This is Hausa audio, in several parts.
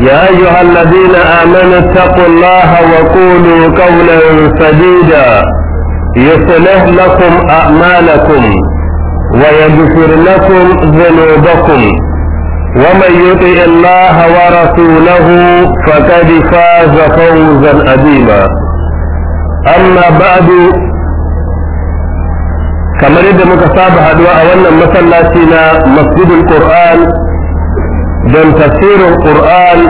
يا أيها الذين آمنوا اتقوا الله وقولوا قولا سديدا يصلح لكم أعمالكم ويغفر لكم ذنوبكم ومن يطع الله ورسوله فقد فاز فوزا عظيما أما بعد كما يدمك صاحب هدوء أولا مسلاتنا مسجد القرآن don tafsirin Qur'an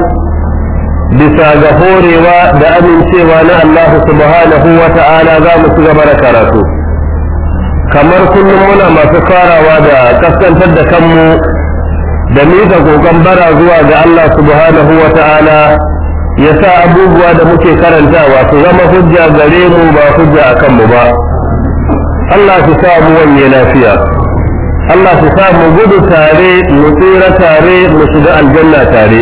bisa ga horewa da amincewa na Allah subhanahu wa ta'ala za mu ci gaba da karatu kamar kullum muna masu farawa da kaskantar da kanmu da miƙa ƙoƙon bara zuwa ga Allah subhanahu wa ta'ala ya sa abubuwa da muke karantawa su zama hujja gare mu ba hujja a kanmu ba Allah su samu wanye lafiya Allah su sa mu gudu tare mu tsira tare mu shiga aljanna tare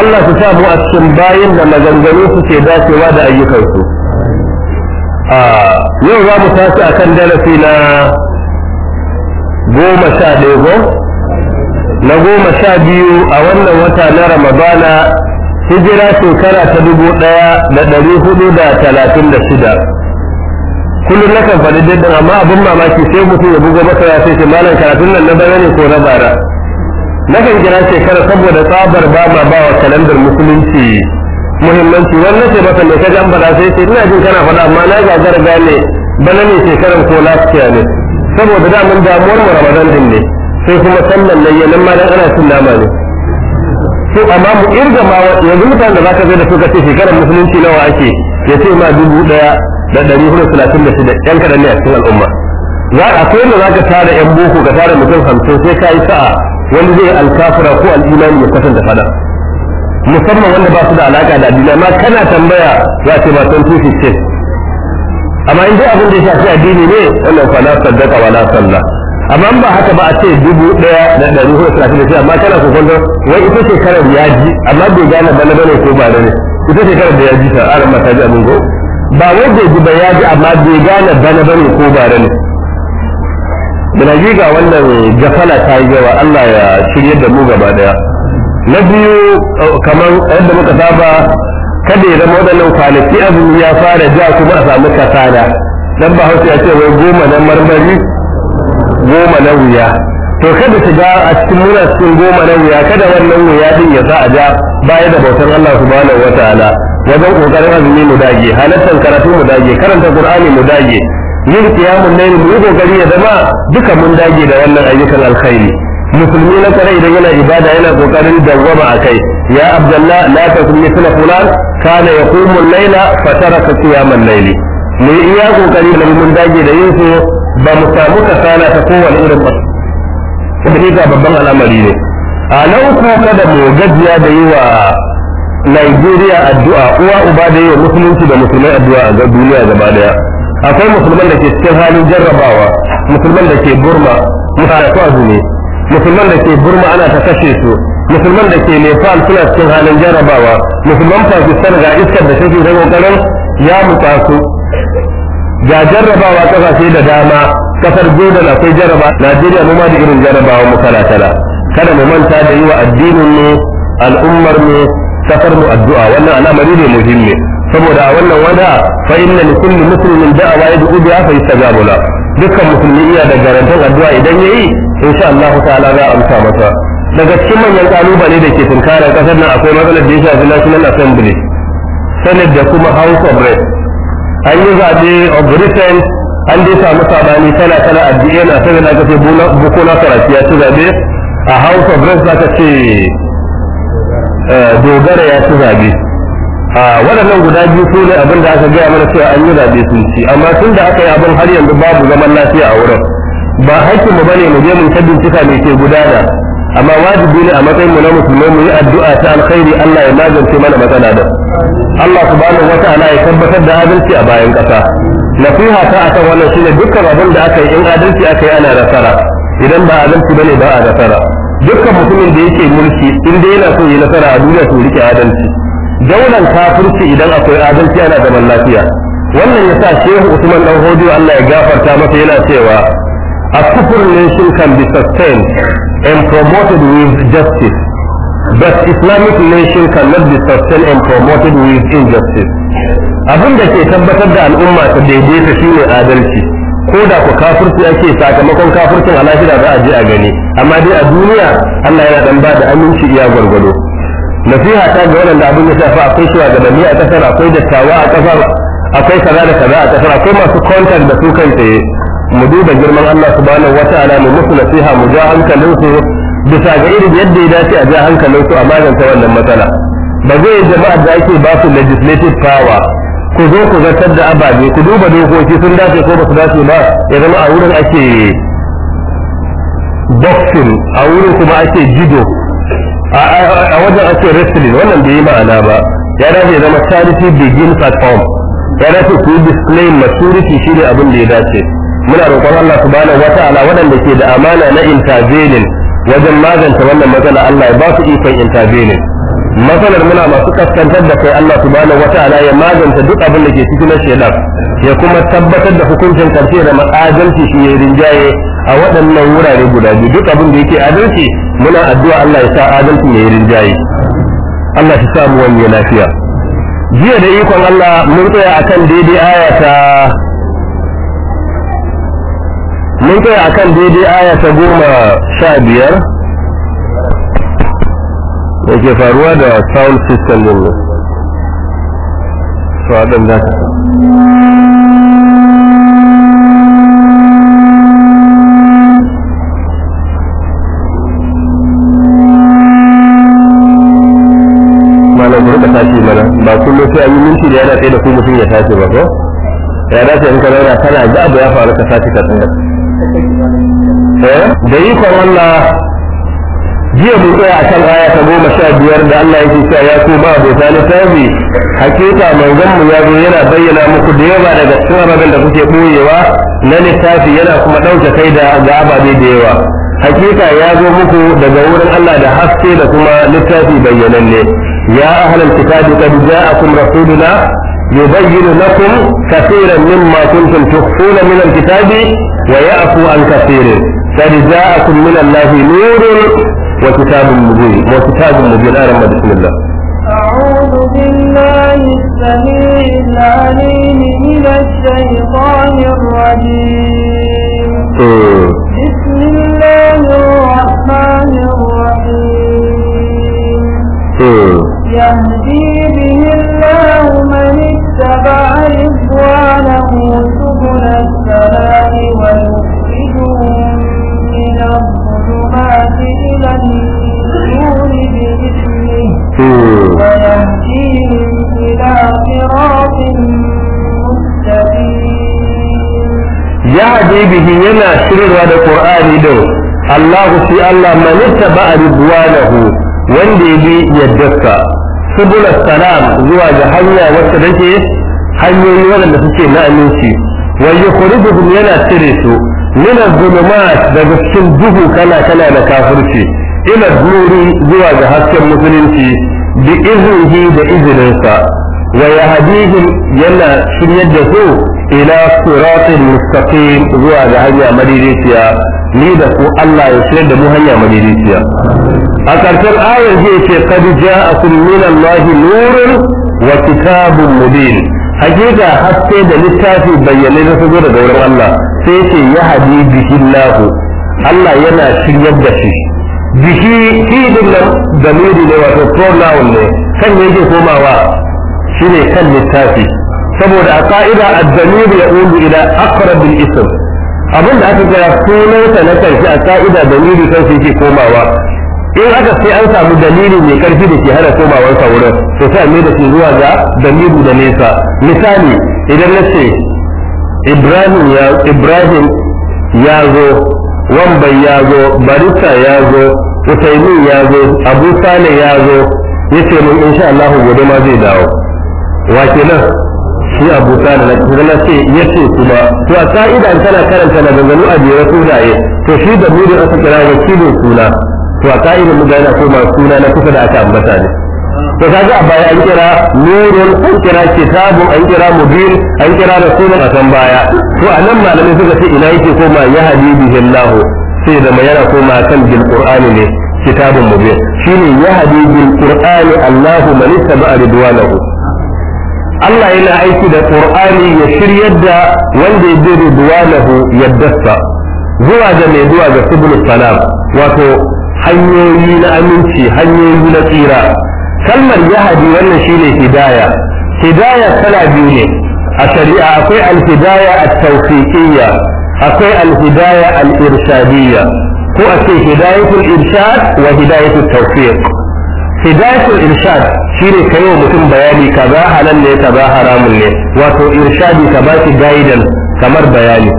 Allah su sa mu a cikin bayin da maganganu suke dacewa da ayyukansu a yau za mu tashi akan darasi na goma sha ɗaya na goma sha biyu a wannan wata na ramadana hijira shekara ta dubu ɗaya da ɗari hudu da talatin da shida kullum na kan faɗi daddin amma abin mamaki sai mutum ya buga masa ya sai ce malam karatun nan na bayani ne ko na bara na kan kira shekara saboda tsabar ba ma ba wa kalandar musulunci muhimmanci wannan ce masa mai kaji an faɗa sai ce ina jin kana faɗa amma na gagara gane bana ne shekarar ko lafiya ne saboda damun damuwar mu ramadan din ne sai kuma sallan nan ma dan ana cin nama ne to amma mu irga ma yanzu mutanen da zaka zai da su ka ce shekarar musulunci nawa ake ya ce ma dubu daya da ɗari hudu talatin da shida yan kaɗan ne a cikin al'umma za a kai da za ka tara yan boko ka tara mutum hamsin sai ka yi sa'a wani zai alkafura ko al'imani ya da fada musamman wanda ba su da alaƙa da addini amma kana tambaya za ce ba san tushe ce amma in dai abin da ya shafi addini ne wannan fa la saddaka wa na salla amma ba haka ba a ce dubu daya da ɗari hudu talatin da shida amma kana kokonto wai ita ce karar yaji amma bai gane bane bane ko ba ne ita ce karar da yaji ta aran mata ji abin ko ba wai zuba ba ya ji amma bai gane bana bane ko bare ne da ji ga wannan gafala ta yi yawa Allah ya shirye da mu gaba daya na biyu eh, kamar yadda muka saba kada ya zama wadannan kwanaki abu ya fara ja kuma a samu kasala dan ba hausa ya ce wai goma na marmari goma na wuya to kada su ga a cikin muna cikin goma na wuya kada wannan wuya din ya sa a ja baya da bautan Allah su subhanahu wataala wajen kokarin azumi mu dage halattar karatu mu dage karanta qur'ani mu dage yin qiyamul layl mu kokari ya zama duka mun dage da wannan ayyukan alkhairi musulmi na kare idan yana ibada yana kokarin dawwama akai ya abdullah la suna mithla fulan kana yaqumu al-layla fa taraka qiyam al-layl mu iya kokari da mun dage da yin su ba mu samu kasala ta kowane irin ba ga babban al'amari ne a nan ko kada mu gajiya da yiwa. Najeriya addu'a uwa uba da yawa musulunci da musulmai addu'a a duniya gaba daya akwai musulman da ke cikin halin jarrabawa musulman da ke burma musulman azumi musulman da ke burma ana ta kashe su musulman da ke nepal suna cikin halin jarrabawa musulman pakistan ga iskar da take zama karan ya mutsa su ga jarrabawa kasashe da dama kasar jordan akwai jarraba najeriya mu ma da irin jarrabawa mu kala kada mu manta da yi wa addinin mu al'ummar mu sakar mu addu'a wannan al'amari ne muhimmi saboda a wannan wada fa musulmin da kulli muslimin da'awa yad'u biha fa yastajabu bula dukkan musulmi iya da garantan addu'a idan yayi insha Allah ta'ala za a amsa masa daga cikin manyan kalubale da ke tunkara kasar nan akwai matsalar da ya shafi National Assembly Senate da kuma House of Reps an yi zaɓe of Britain an dai samu sabani kala kala addini na sai da aka ce Bukola Saraki ya zaɓe a House of Reps ka ce Eh, dogara ya ci zabe ah, waɗannan guda biyu su ne abin aka gaya mana cewa an yi zabe sun ci amma tun da aka yi abin har yanzu babu zaman lafiya a wurin ba haƙƙin mu bane mu je mu ta bincika mai ke gudana amma wajibi ne a matsayin mu na musulmai mu yi addu'a ta alkhairi Allah ya magance mana matsala da Allah subhanahu wata'ala ya tabbatar da adalci a bayan ƙasa nasiha ta akan wannan shine dukkan abin da aka yi in adalci aka yi ana nasara idan ba adalci bane ba a nasara dukkan mutumin da yake mulki in dai yana so yi nasara a duniya to rike adalci daular kafirci idan akwai adalci ana zaman lafiya wannan yasa shehu usman dan hodiyo Allah ya gafarta masa yana cewa a kufur nation can be sustained and promoted with justice but islamic nation cannot be sustained and promoted with injustice abin da ke tabbatar da al'umma ta daidaita shine adalci ko da ku kafirci ake sakamakon kafircin a lafiya za a je a gani amma dai a duniya Allah yana dan ba da aminci iya gwargwado nasiha ta ga wannan abin ya shafa akwai shi shugabanni a kasar akwai dattawa a kasar akwai kaza da kaza a kasar akwai masu contact da su kan tsaye mu duba girman Allah subhanahu wata'ala mu musu nasiha mu ja hankalin su bisa ga irin yadda ya dace a ja hankalin su a magance wannan matsala ba zai jama'a da ake ba su legislative power ku zo ku zartar da ababe ku duba dokoki sun dace ko ba su dace ba ya zama a wurin ake boxing a wurin kuma ake judo a wajen ake wrestling wannan bai yi ma'ana ba ya dace zama charity begins at home ya dace ku yi display maturity shine abin da ya dace muna roƙon Allah subhanahu wata'ala waɗanda ke da amana na intervening wajen magance wannan matsala Allah ya ba su ikon intervening matsalar muna masu kaskantar da kai Allah subhanahu ta'ala ya magance duk abin da ke cikin shaidan ya kuma tabbatar da hukuncin karshe da ma'adalci shi ya rinjaye a waɗannan wurare guda biyu duk abin da yake adalci muna addu'a Allah ya sa adalci ya rinjaye Allah ya samu wani lafiya jiya da ikon Allah mun tsaya akan daidai aya mun tsaya akan daidai aya ta goma sha biyar da ke faruwa da sound system din nan su haɗin tashi mana ba kullum sai an yana da ya tashi ba ko ya dace in ka kana abu ya faru ka tashi jiya mu tsaya a kan aya ta goma sha biyar da Allah yake cewa ya ko ba abota littafi hakika manzon ya zo yana bayyana muku da yawa daga cikin ababen da kuke boyewa na littafi yana kuma ɗauke kai da ga ababe da yawa hakika ya zo muku daga wurin Allah da haske da kuma littafi bayyananne ya ahlal kitabi qad ja'akum rasuluna yubayyin lakum kaseeran mimma kuntum tukhfuna min al-kitabi wa ya'fu an kaseeran قد جاءكم من الله نور وكتاب مبين وكتاب مبين آية بسم الله أعوذ بالله السميع العليم من الشيطان الرجيم آه. بسم الله الرحمن الرحيم آه. يهدي به الله من اتبع رضوانه سبل السلام ويخرجهم من الظلام ya je bihi yana shirarwa da qur'ani din Allahu shi Allah man taba ridwanahu wanda ya bi yaddaka subul salam zuwa ga hanya wacce take hanyoyi wanda suke na aminci wa yukhrijuhum yana cire su min az-zulumat daga cikin duhu kana kana da kafirci ila nuri zuwa ga hasken musulunci bi iznihi da izininsa wa yahdihim yana shiryar da su ila siratin mustaqim zuwa ga hanya madidiciya ni da ku Allah ya shirya da mu hanya madidiciya a karshen ayar zai ce qad ja'akum min Allah nurun wa kitabun mubin hakika haske da littafi bayyane da su daga wurin Allah sai ce ya hadi bihi lahu Allah yana shiryar da shi bihi hidin nan zamiri ne wato pronoun ne kan yake komawa shine kan littafi saboda a ka'ida ad-damir yaqulu ila aqrab al-ism abin da aka kira sunansa na karshe a ka'ida damiri kan shi ke komawa in aka sai an samu dalili mai karfi da ke hana komawar wurin to sai mai da shi zuwa ga damiru da nesa misali idan na ce ibrahim ya ibrahim ya zo wambai ya zo barista ya zo usaimin ya zo abu sale ya zo ya ce mun insha Allah gobe ma zai dawo wa kenan shi abu sale na kuma na ce ya ce kuma to a ka'ida an tana karanta na dangano a jere sunaye to shi da burin aka kira wakilin suna to a ka'ida mu gana ko ma suna na kusa da aka ambata ne to kaga a baya an kira nurul an kira kitabun an kira mubin an kira rasulun a kan baya to a nan malamai suka ce ina yake koma ya habibi hillahu sai da mai yana koma kan bil qur'ani ne kitabun mubin shine ya bil qur'ani allahu man ittaba ridwanahu Allah yana aiki da Qur'ani ya shiryar da wanda ya bi ridwanahu dassa zuwa ga mai zuwa ga sibul salam wato hanyoyi na aminci hanyoyi na tsira kalmar yahadi wannan ne hidaya hidaya tana biyu ne a shari'a akwai alhidaya a tawfiqiyya akwai alhidaya al-irshadiyya ko a ce hidayatul irshad wa hidayatul tawfiq hidayatul irshad shine kai wa mutum bayani ba halal ne ba haramun ne wato irshadi ka ba ki guidance kamar bayani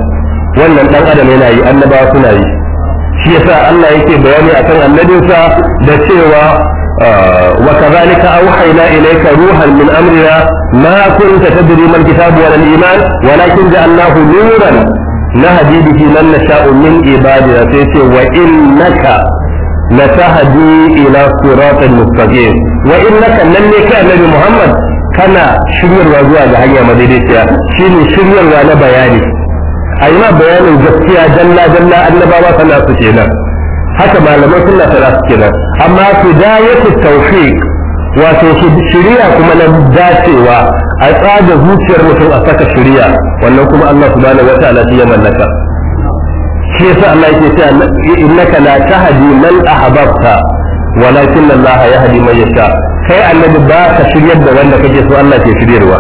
wannan dan adam yana yi annabawa suna yi shi yasa Allah yake bayani akan annabinsa da cewa وكذلك أوحينا إليك روحا من أمرنا ما كنت تدري ما الكتاب ولا الإيمان ولكن جعلناه نورا نهدي به من نشاء من عبادنا وإنك لتهدي إلى صراط مستقيم وإنك لن النبي محمد كان شرير وزوى جهنية مديريتيا شيني شرير وانا بياني أي ما بيان الجسية جلا جلا أنبا وصنا سكينا haka malaman sunna ta nasu kenan amma su tawfiq wato shirya kuma na dacewa a tsaga zuciyar mutum a saka shirya wannan kuma Allah subhanahu wataala shi ya mallaka shi yasa Allah yake cewa innaka la tahdi man ahbabta walakin Allah yahdi man yasha kai annabi ba ka shiryar da wanda kake so Allah ke shiryarwa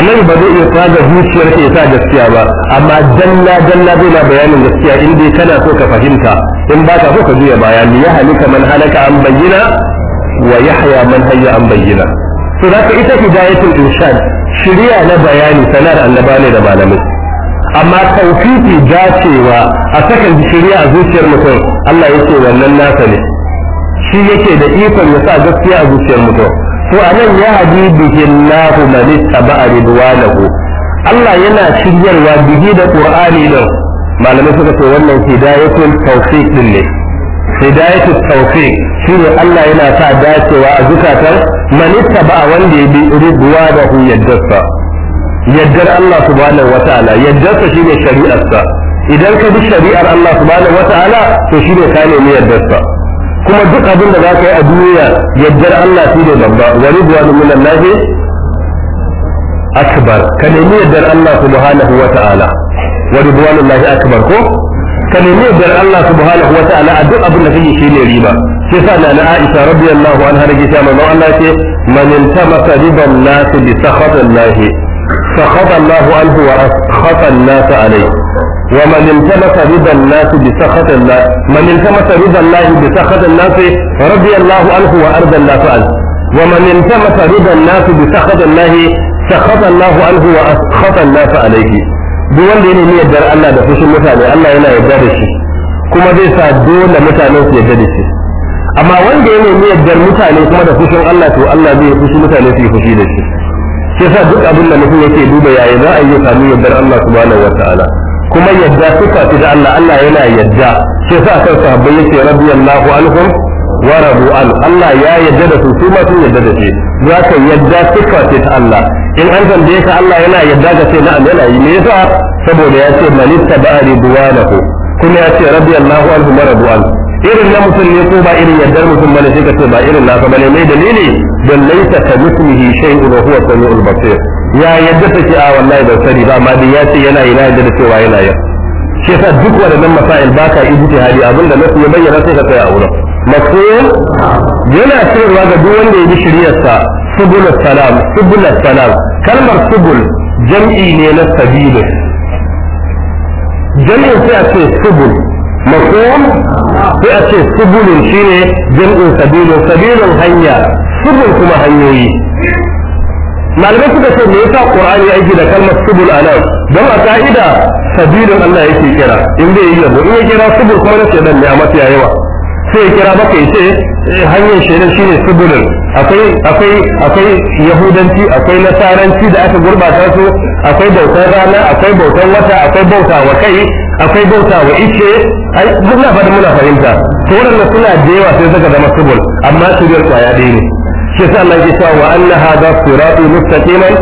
annabi ba zai iya tsaga zuciyar ke sa gaskiya ba amma dalla dalla zai na bayanin gaskiya in dai kana so ka fahimta in ba ka so ka juya baya ya halika man halaka an bayyina wa yahya man hayya an bayyina to da ka ita hidayatul irshad shiriya na bayani sanar annaba ne da malamai amma tawfiqi dacewa a sakan shiriya a zuciyar mutum Allah yake wannan nasa ne shi yake da ikon ya sa gaskiya a zuciyar mutum to anan ya hadi bihillahu man ittaba ridwanahu Allah yana shiryarwa bihi da Qur'ani din malamai suka ce wannan hidayatul tawfiq din ne hidayatul tawfiq shine Allah yana sa dacewa a zukatar manista ba wanda ya bi rubuwa da hu yaddarsa yaddar Allah subhanahu wataala yaddarsa shine shari'arsa idan ka bi shari'ar Allah subhanahu wataala to shine ka ne nemi yaddarsa kuma duk abin da za ka yi a duniya yaddar Allah shine babba wa ridwanu minallahi akbar ka nemi yaddar Allah subhanahu wataala wa ridwanullahi akbar ko ka nemi yardar Allah subhanahu wa ta'ala a duk abin da kake shi ne riba sai sa na na Aisha radiyallahu anha da gita mai Allah ce man intamasa riban nasi bi sakhatillahi sakhatallahu anhu wa askhata an-nas alayhi ومن التمس رضا الناس بسخط الله من التمس رضا الله بسخط الناس رضي الله wa وارضى الله عنه ومن التمس رضا الناس بسخط الله سخط الله عنه واسخط الناس عليه duk wanda ya nemi yardar Allah da fushin mutane Allah yana yarda da shi kuma zai sa dole mutanen su yarda da shi amma wanda ya nemi yardar mutane kuma da fushin Allah to Allah zai fushi mutane su yi fushi da shi shi yasa duk abin da mutum yake duba yayi za a yi sami yardar Allah subhanahu wataala kuma yadda suka fi da Allah Allah yana yadda shi yasa kan sahabbai yake radiyallahu anhum wa an Allah ya yadda da su su ma sun yadda da shi za ka yadda sifa ce ta Allah in an tambaye ka Allah yana yadda ka ce na'am yana yi me yasa saboda ya ce malitta ba ku kuma ya ce radiyallahu anhu wa an irin na musulmi ko ba irin yaddar mutum bane sai ka ce ba irin nasa bane mai dalili don laisa ka mislihi shay'un wa huwa samiul basir ya yadda take a wallahi ban sani ba amma dai ya ce yana na yadda da cewa yana yi shi yasa duk waɗannan masail baka ijtihadi abinda nasu ya bayyana sai ka tsaya a wurin mafhum yana cewa ga duk wanda ya bi shiriyarsa subul salam subul salam kalmar subul jam'i ne na sabili jam'in sai a ce subul mafhum sai a ce subulun shine jam'in sabilun hanya kuma hanyoyi malamai suka ce me yasa qur'ani ya aiki da kalmar subul anan don a ka'ida sabilun Allah yake kira in bai yi yabo in ya kira subul kuma na ce dan ne a mafiya yawa sai kira maka ya ce eh, hanyar shirin shine subulun akwai akwai akwai yahudanci akwai nasaranci da aka gurbata su akwai bautar rana akwai bautar wata akwai bauta wa kai akwai bauta wa ice ai muna fada muna fahimta to waɗannan suna da yawa sai zaka zama subul amma biyar kwaya ɗaya ne shi sa Allah ya sa wa anna hadha siratu mustaqiman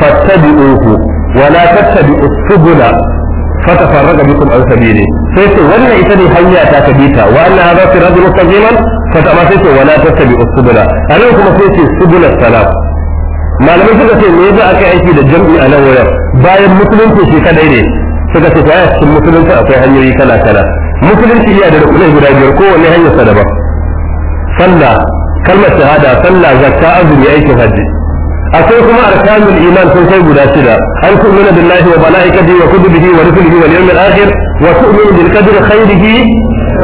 fattabi'uhu wa la tattabi'us subula fata farraga bikum an sabili sai ce wannan ita ne hanya ta kabita wa anna hadha siratun mustaqiman fata ma sai ce wala tattabi'u subula anan kuma sai ce subula salam malamai suka ce me za a kai aiki da jam'i a nan bayan musulunci shi kadai ne suka ce ta cikin musulunci akwai hanyoyi kala kala musulunci iya da rukunai guda biyar kowanne hanyar sa da ba sallah kalmar shahada sallah zakka azumi aikin hajji akwai kuma arkanul iman sun kai guda shida an tu'minu billahi wa malaikatihi wa kutubihi wa rusulihi wal yawmil akhir wa tu'minu bil qadri khairihi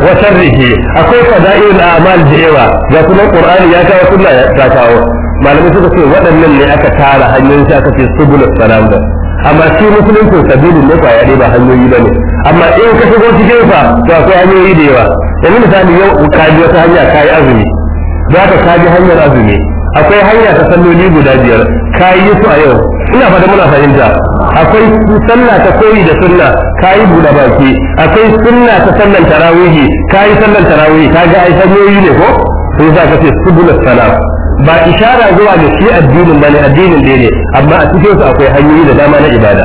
wa sharrihi akwai fada'il a'mal da yawa ga kuma qur'ani ya kawo sunna ya kawo malamai suka ce waɗannan ne aka tara hanyoyin sai aka ce subulus salam da amma shi musulunci sabilin ne kwaya ne ba hanyoyi ba ne amma in ka shigo cikin sa to akwai hanyoyi da yawa yanzu misali yau ka ji wata hanya ka yi azumi za ka ka hanyar azumi akwai hanya ta salloli guda biyar ka yi su a yau ina fata muna fahimta akwai sallah ta koyi da sunna ka yi buɗe baki akwai sunna ta sallan tarawihi ka yi sallan tarawihi ka ga ai hanyoyi ne ko sai za ka ce salam ba ishara zuwa da shi addinin bane addinin dai ne amma a cikin su akwai hanyoyi da dama na ibada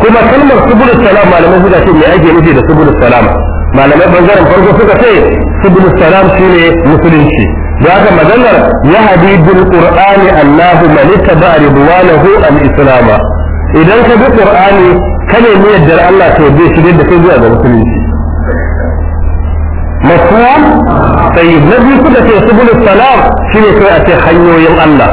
kuma kalmar subulus salam malamai suka ce me ake nufi da subulus salam malamai bangaren farko suka ce subulus salam shine musulunci da haka maganar ya hadidul qur'ani allahu man ittaba ridwanahu al islam idan ka bi qur'ani ka ne mu yaddar Allah to zai shirye da kai zuwa ga musulunci mafhum tayyib na biyu kuka ce subulus salam shine kai a ce hanyoyin Allah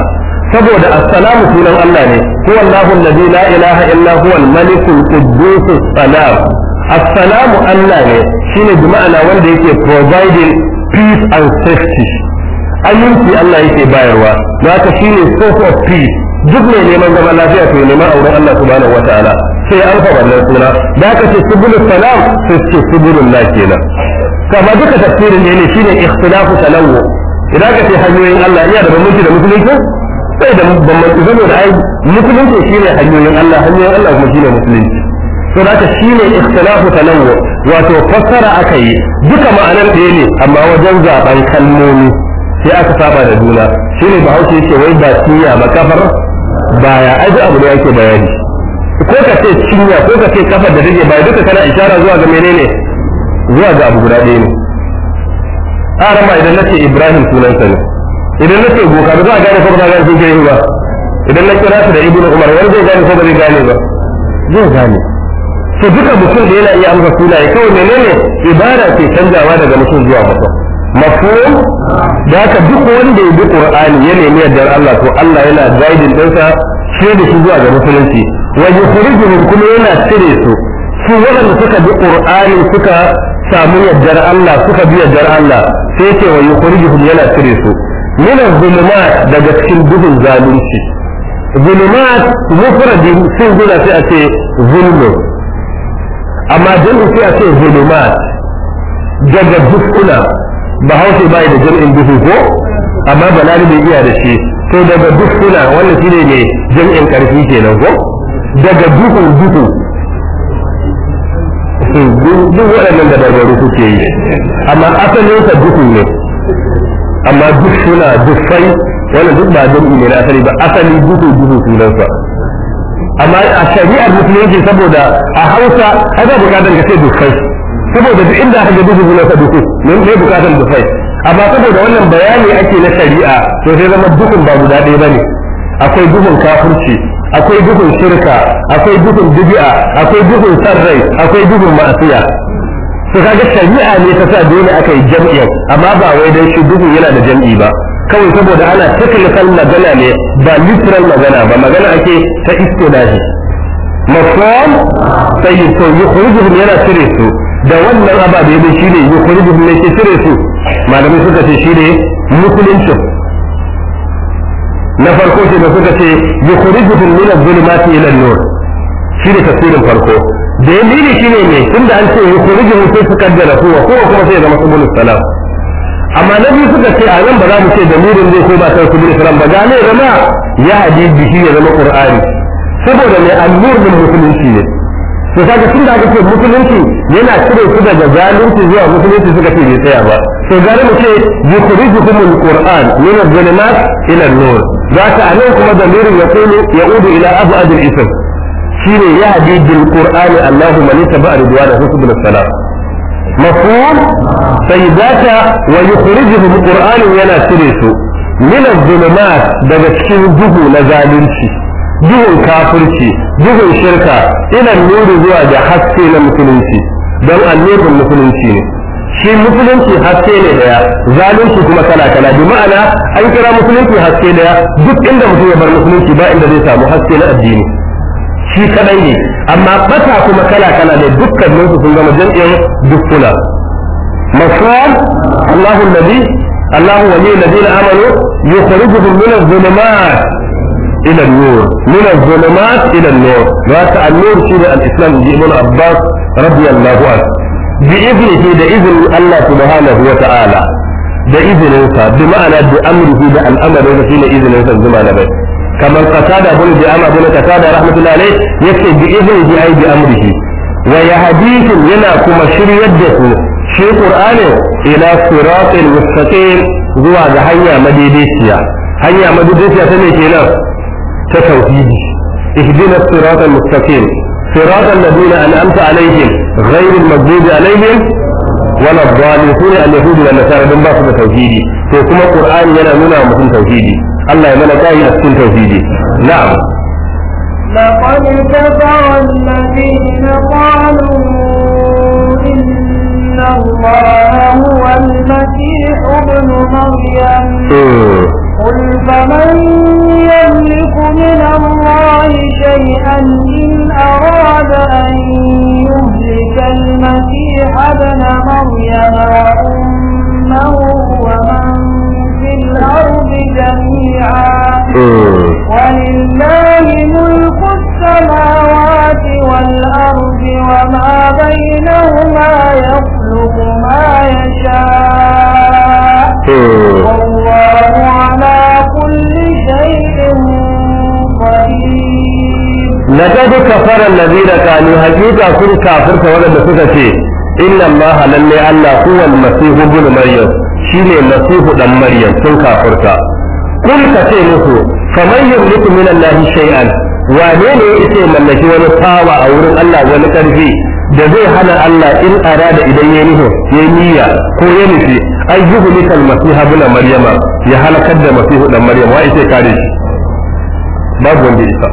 saboda assalamu sunan Allah ne huwa Allahu alladhi la ilaha illa huwa al-malikul quddus salam assalamu Allah ne shine bi ma'ana wanda yake providing peace and safety aminci Allah yake bayarwa na ka shi ne source of peace duk mai neman zaman lafiya to neman auren Allah subhanahu wa ta'ala sai an fa wannan suna da ka ce subulus salam sai ce subulun la kenan kama duka tafsirin ne ne shine ikhtilafu talawwu idan ka ce hanyoyin Allah iya da bambanci da musulunci sai da bambanci da ai musulunci shine hanyoyin Allah hanyoyin Allah kuma shine musulunci to da ka shine ikhtilafu talawwu wato fassara aka yi duka ma'anar ɗaya ne amma wajen zaben kalmomi sai aka saba da juna shi ne bahaushe yake wai ba cinya ba kafar ba ya aji abu da yake bayani ko ka ce cinya ko ka ce kafar da take baya duka kana ishara zuwa ga menene zuwa ga abu guda ɗaya ne a rama idan nace Ibrahim sa ne idan nace goka ba za a gane ko ba gane sun ba idan na kira su da ibnu umar wani zai gane ko ba zai gane ba zai gane to duka mutum da yana iya amsa sunaye kawai menene ibada ke canjawa daga mutum zuwa mutum mafhum da haka duk wanda ya bi qur'ani ya nemi yardar Allah to Allah yana guiding ɗansa sai da shi zuwa ga musulunci wa yukhrijuhum kuma yana cire su su waɗanda suka bi qur'ani suka samu yardar Allah suka bi yardar Allah sai ce wa yukhrijuhum yana cire su min zulma daga cikin duhun zalunci zufura da sun guna sai a ce zulma amma jami'i sai a ce zulma daga dukkuna bahaushe ba da jam'in duhu ko amma balarabe iya da shi to daga duhuna wannan shi ne jam'in karfi kenan ko daga duhu duhu duk waɗannan da barbaru suke yi amma sa duhu ne amma duhuna dufai wannan duk ba jam'i ne na asali ba asali duhu duhu sa amma a shari'ar musulunci saboda a hausa ana bukatar ka ce dufai saboda duk inda aka ga duhu na ka duhu ne ne bukatar sai amma saboda wannan bayani ake na shari'a to sai zama dukun ba guda ɗaya bane akwai duhun kafirci akwai duhun shirka akwai duhun dubi'a akwai duhun sarrai akwai duhun ma'asiya su kaga shari'a ne ta sa dole aka yi jam'i amma ba wai dan shi duhun yana da jam'i ba kawai saboda ana technical magana ne ba literal magana ba magana ake ta istilahi mafhum sai to yukhrijuhum yana cire su da wannan da ne shi ne kuri da ke cire su malamai suka ce shi ne musulunci na farko ce da suka ce yukhrijum min adh-dhulumati ila an-nur shi ne tafsirin farko da ya miri shi ne mai tunda an ce yukhrijum su suka da kowa kowa kuma sai ya zama salam amma na biyu suka ce a nan ba za mu ce da mirin zai ko ba su subul salam ba ga ne zama ya hadisi ya zama qur'ani saboda ne an-nur musulunci ne to kaga tun da aka ce musulunci yana cire su daga zalunci zuwa musulunci suka ce bai tsaya ba to gare mu ce yukhrijukumul qur'an min adh-dhulumat ila an-nur zaka anan kuma damirin yaqulu yaudu ila ab'ad al-ism shine yahdi bil qur'ani allahu man ittaba ridwanahu subul salam mafhum sai zaka wa yukhrijuhum qur'an yana cire su min adh-dhulumat daga cikin duhu na zalunci duhun kafirci duhun shirka ina nuri zuwa da haske na musulunci don annabin musulunci ne shi musulunci haske ne daya zalunci kuma kala kala bi ma'ana an kira musulunci haske daya duk inda mutum ya bar musulunci ba inda zai samu haske na addini shi kadai ne amma bata kuma kala kala ne nan su sun zama jam'iyyar dukkuna mafhum Allahu alladhi Allahu waliyyu na amanu yukhrijuhum min adh إلى النور من الظلمات إلى النور ذاك النور شيء الإسلام ابن عباس رضي الله عنه بإذنه بإذن الله سبحانه وتعالى بإذنه بمعنى بأمره بأن أمره فيما إذنه زمان به كما قتادة بن بأمر بن قتادة رحمة الله عليه يكتب بإذنه أي بأمره ويهديكم ينا كما شريدته في القرآن إلى صراط المستقيم zuwa ga hanya madaidaiciya hanya madaidaiciya ta ne kenan كتوحيده اهدنا الصراط المستقيم صراط الذين انعمت عليهم غير المغضوب عليهم ولا الضالين سورة اليهود والنصارى دون باسو توحيدي to kuma qur'ani yana nuna wa mutum tauhidi الله ya mana kai نعم لقد كفر الذين قالوا إن الله هو المسيح ابن مريم قل فمن يملك من الله شيئا إن أراد أن يهلك المسيح ابن مريم وأمه ومن في الأرض جميعا ولله ملك السماوات والأرض وما بينهما يخلق ما يشاء لقد كفر الذين كانوا حقيقة كل كافر فولد سكتي إن الله لن الله هو المسيح ابن مريم شيني المسيح ابن مريم كل سن كافرتا قل كتيمه فمن يملك من الله شيئا wane ne من نجوان الطاوة wani tawa a wurin da zai hana Allah in arada idan ya niho ya niyya ko ya nufi ai yuhlika al-masiha bin maryama ya halakar da masihu dan maryama wa ita kare shi babu wanda isa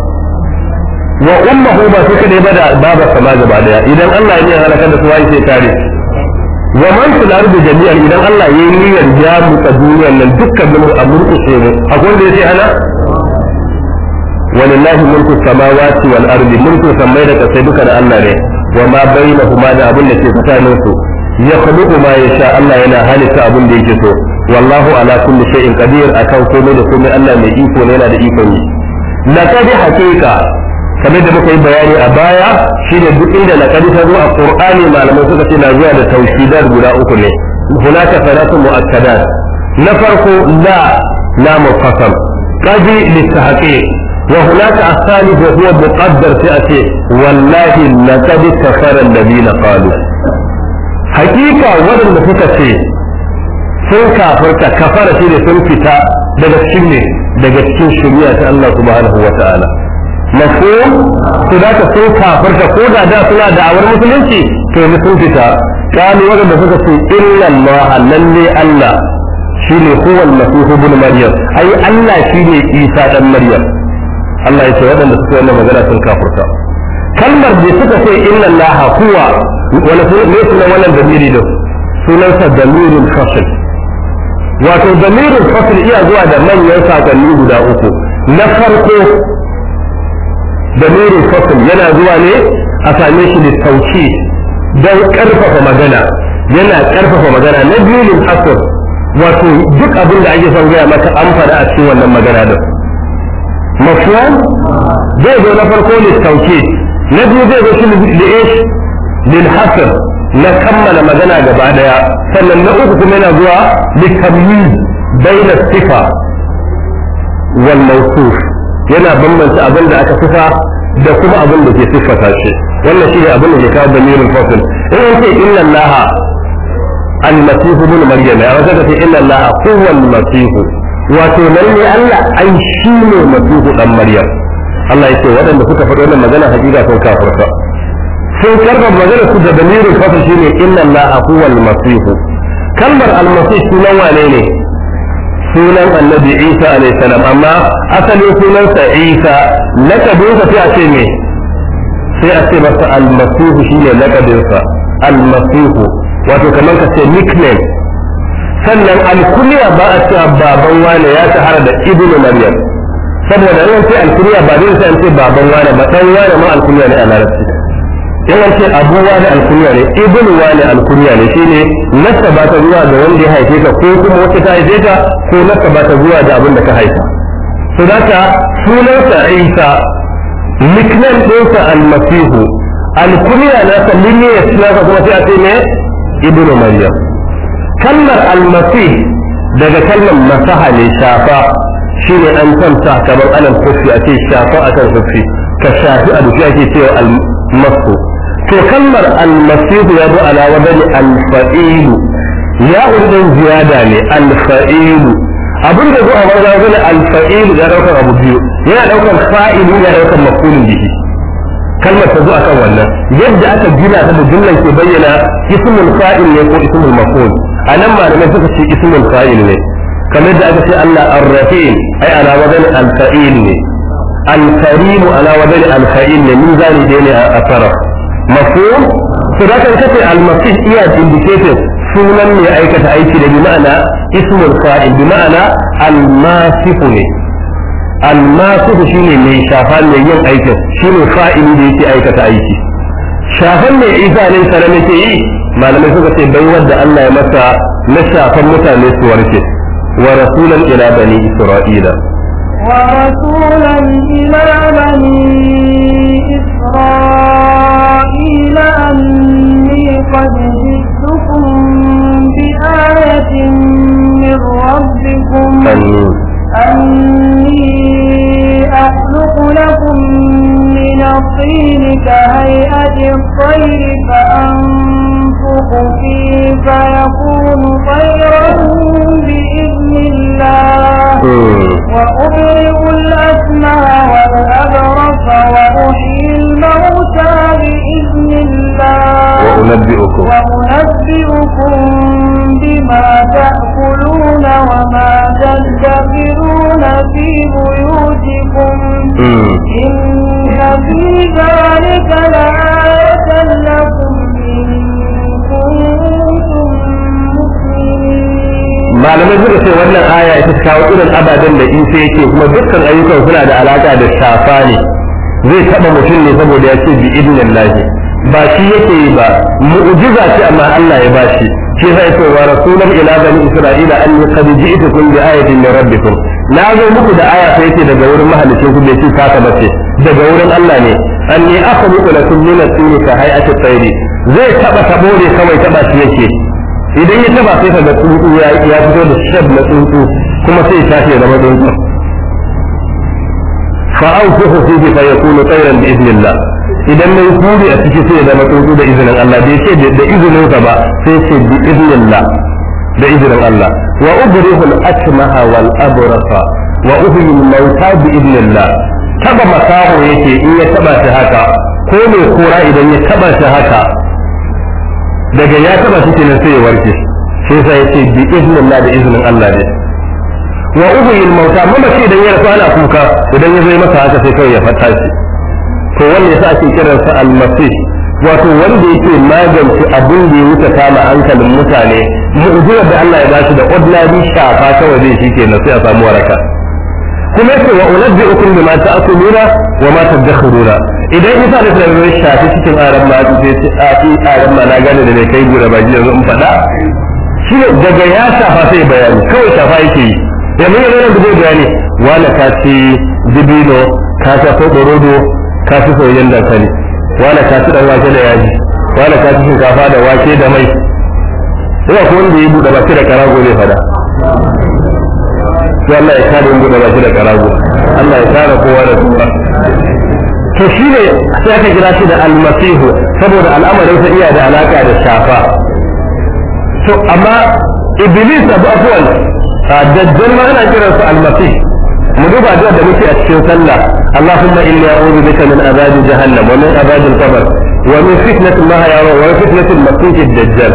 wa ummuhu ba su kadai ba da baba sama gaba daya idan Allah ya halakar da su wa ita kare wa man fil ardi jami'an idan Allah ya niyyar ya mutsa duniyar nan dukkan mun amurkushe mu akwai wanda yake hana ولله ملك السماوات والأرض ملك سميدك سيدك Allah ne wa ma huma da abun da ke tsakanin su yakhluqu ma yasha Allah yana halitta abun da ya ke so wallahu ala kulli shay'in qadir akan komai da komai Allah mai iko yana da iko ne laqad haqiqa kamar da muka yi bayani a baya shine duk inda laqad ta zo a Qur'ani malamai suka ce na zuwa da tawhidat guda uku ne hunaka salatu mu'akkadat na farko la la muqassam qadi litahqiq وهناك الثالث وهو مقدر فئته والله لقد كفر الذين قالوا حقيقة ولن فكتي sun kafarta kafara shi ne sun fita daga cikin ne daga cikin shari'a ta Allah subhanahu wa ta'ala mafi su da sun kafarta ko da da suna da'awar musulunci to ne sun fita kani da suka ce illa Allah lalle Allah shi ne huwa al-masih ibn maryam ai Allah shi ne Isa dan maryam Allah ya ce waɗanda suka wannan magana sun kafurta kalmar da suka ce inna allaha huwa wala ne sunan wannan damiri din sunansa damirul fasl wato damirul fasl iya zuwa da manyan sakanni guda uku na farko damirul fasl yana zuwa ne a same shi da tauki don karfafa magana yana karfafa magana na biyu asr wato duk abin da ake son gaya maka an faɗa a cikin wannan magana din مفهوم zai zo na farko التوكيد tauke na biyu zai zo shi نكمل lil hasr na kammala magana gaba daya sannan na uku kuma yana zuwa litamyiz لأك sifa wal mawsuf yana bambanta abin da aka da kuma abin da ke siffata shi wannan shi ne abin da ke kawo damirin fasil in an ce allaha al-masihu maryam ya ta ce wato lalle Allah ai shi ne masihu dan maryam Allah yake waɗanda suka faɗi wannan magana hakika sun kafirta sun karɓar magana su da dalilin fasa shi ne inna Allah huwal masihu kalmar almasih sunan wane ne sunan annabi Isa alayhi salam amma asalin sa Isa lakabinsa sai a ce me sai a ce masa almasihu shine lakabinsa almasihu wato kamar ka ce nickname sannan alkuniya ba a cewa baban wane ya shahara da ibnu maryam saboda in ce alkuniya ba zai sai ce baban wane ba dan wane ma alkuniya ne a larabci in ce abu wane alkuniya ne ibnu wane alkuniya ne shine nasa ba ta zuwa ga wanda ya haife ka ko kuma wacce ta haife ka ko nasa ba ta zuwa ga abin da ka haifa to haka sa isa nickname sa almasihu alkuniya nasa lineage nasa kuma sai a ce ne ibnu maryam kalmar almasih daga kalmar masaha ne shafa shine an tamsa kamar anan kufi ake shafa akan kufi ka shafi a duki ake cewa almasu to kalmar almasihu ya zo ala wadani alfa'ilu ya urdin ziyada ne alfa'ilu abin da zo a wani zazana alfa'ilu ya daukar abu biyu yana daukar fa'ilu ya daukar makulun jiki kalmar ta zo akan wannan yadda aka gina ta da jumlan ke bayyana ismul fa'il ne ko ismul maf'ul anan malamai suka ce ismul fa'il ne kamar da aka ce Allah ar-rahim ai ana wajen al-fa'il ne al-karim ala wajen al-fa'il ne mun zani dai ne a tsara mafhum to da kan kace al-masih iya indicated sunan ne aikata aiki da bi ma'ana ismul fa'il bi ma'ana al-masih ne al-masih shine mai shafa mai yin aikin shine fa'ili da yake aikata aiki shafan ne isa ne sanan ke yi malamai suka ce bai wanda Allah ya masa na shafan mutane su warke wa rasulan ila bani isra'ila wa rasulan ila bani isra'ila anni qad jitukum bi ayatin min rabbikum أني أخلق لكم من الطين كهيئة الطير فأنفر ونفخ فيه فيكون طيرا بإذن الله وأبرئ الأسمى والأبرص وأحيي الموتى بإذن الله وأنبئكم, وأنبئكم بما تأكلون وما تدخرون في بيوتكم إن في ذلك لآية لكم إن malamai suka ce wannan aya ita kawo irin ababen da isa yake kuma dukkan ayyukan suna da alaka da shafa ne zai taba mutum ne saboda ya ce bi idnin lahi ba shi yake yi ba mu'jiza ce amma Allah ya bashi shi sai ce wa rasulan ila bani isra'ila anni qad ji'tukum bi ayatin min rabbikum na zo muku da aya sai ce daga wurin mahallin ku bai ce ka bace daga wurin Allah ne anni akhluqu lakum min at-tayri ka hay'ati at-tayri zai taba tabo ne kawai taba shi yake idan ya taba sai ga tsuntsu ya ya fito da shab na tsuntsu kuma sai ya tashi ya zama tsuntsu fa awsuhu fi fa yakunu tayran bi idnillah idan mai kuri a ciki sai ya zama da izinin Allah bai ce da izinin sa ba sai ce bi idnillah da izinin Allah wa ubrihu al-akmaha wal abrasa wa ubrihu al-mauta bi idnillah taba makaho yake in ya taba shi haka ko mai kura idan ya taba shi haka daga ya taba shi kenan sai ya warke shi sai yace bi iznillah da iznin Allah ne wa uhyil mauta mama ce dan ya rasu ana kuka idan ya zai masa haka sai kai ya fata shi to wanda yasa ake kiran sa al wato wanda yake magance abin da ya wuce kama hankalin mutane mu'jiza da Allah ya bashi da ordinary shafa kawai zai shi kenan sai a samu waraka kuma yake wa ulabbi ukun bima ta'kuluna wa ma tadakhuruna idan isa da tsare shafi cikin aran ma sai a ci aran ma na gane da ne kai gura ba yanzu in faɗa shi daga ya shafa sai bayani kawai shafa yake yi yanzu yanzu nan dubo bayani wala ka ci dibino ka ci fodorodo ka ci soyayyen dankali wala ka ci dan wake da yaji wala ka ci shinkafa da wake da mai ina ko wanda ya ba baki da karago ne fada to Allah ya kare mu da baki da karago Allah ya kare kowa da tsura to shi ne sai aka kira shi da almasihu saboda al'amarin sa iya da alaka da shafa to amma iblis abu afwan dajjal ma ana kiransa almasih mu duba da muke a cikin sallah اللهم إني أعوذ بك من عذاب جهنم ومن عذاب القبر ومن فتنة ما يرون ومن فتنة المسيح الدجال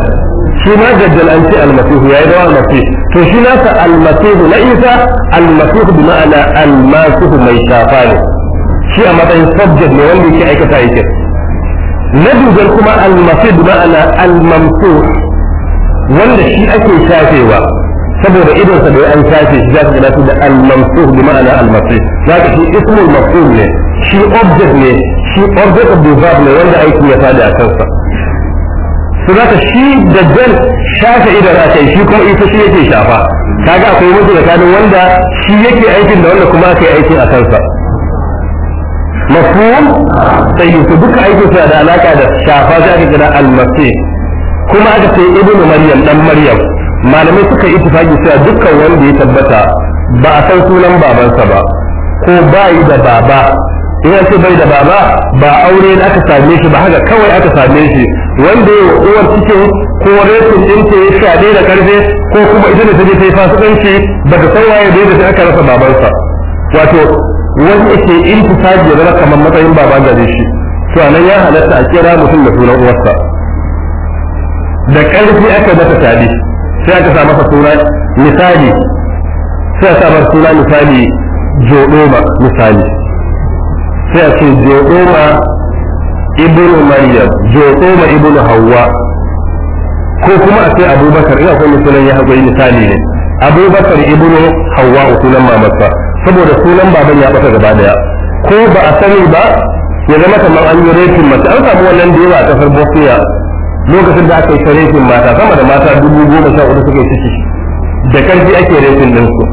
شو ما دجل أنت المسيح يا إدوى المسيح to shi nasa almasihu na isa almasihu bi ma'ana almasihu mai shafa ne shi a matsayin subject ne wanda yake aikata aikin na duban kuma almasihu bi ma'ana almamsu wanda shi ake shafewa saboda idan idonsa da an shafe shi za ka gina su da almamsu bi ma'ana almasihu za ka shi ismul maf'ul ne shi object ne shi object of the verb ne wanda aiki ya fada a kansa to zaka shi dajjal shafa idan a kai shi kuma ita shi yake shafa kaga akwai mutu da kanin wanda shi yake aikin da wanda kuma aka yi aikin a kansa mafhum sai su duka aikin sa da alaka da shafa sai aka kira almasih kuma aka ce ibnu maryam dan maryam malamai suka yi tufaki suna dukkan wanda ya tabbata ba a san sunan babansa ba ko bayi da baba in ce bai da baba ba aure da aka same shi ba haka kawai aka same shi wanda ya uwar cikin ko resin din ta ya shaɗe da ƙarfe ko kuma ita da ta je ta yi fasikanci ba ta san ya da sai aka rasa babansa wato wani yake intisabi ya zama kamar matsayin baba gare shi to anan ya halatta a kira mutum da sunan uwarsa da ƙarfi aka masa shaɗe sai aka sa masa suna misali sai a sa masa suna misali joɗoma misali sai a ce joɗoma ibnu maryam jotoma ibnu hawwa ko kuma a ce abubakar ina kuma sunan ya hagoyi misali ne abubakar ibnu hawwa sunan mamarsa saboda sunan baban ya bata gaba daya ko ba a sani ba ya zama kamar an yi rekin mace an samu wannan da yawa a kasar bosnia lokacin da aka yi ta rekin mata sama da mata dubu goma sha hudu suka yi ciki da karfi ake rekin ɗinsu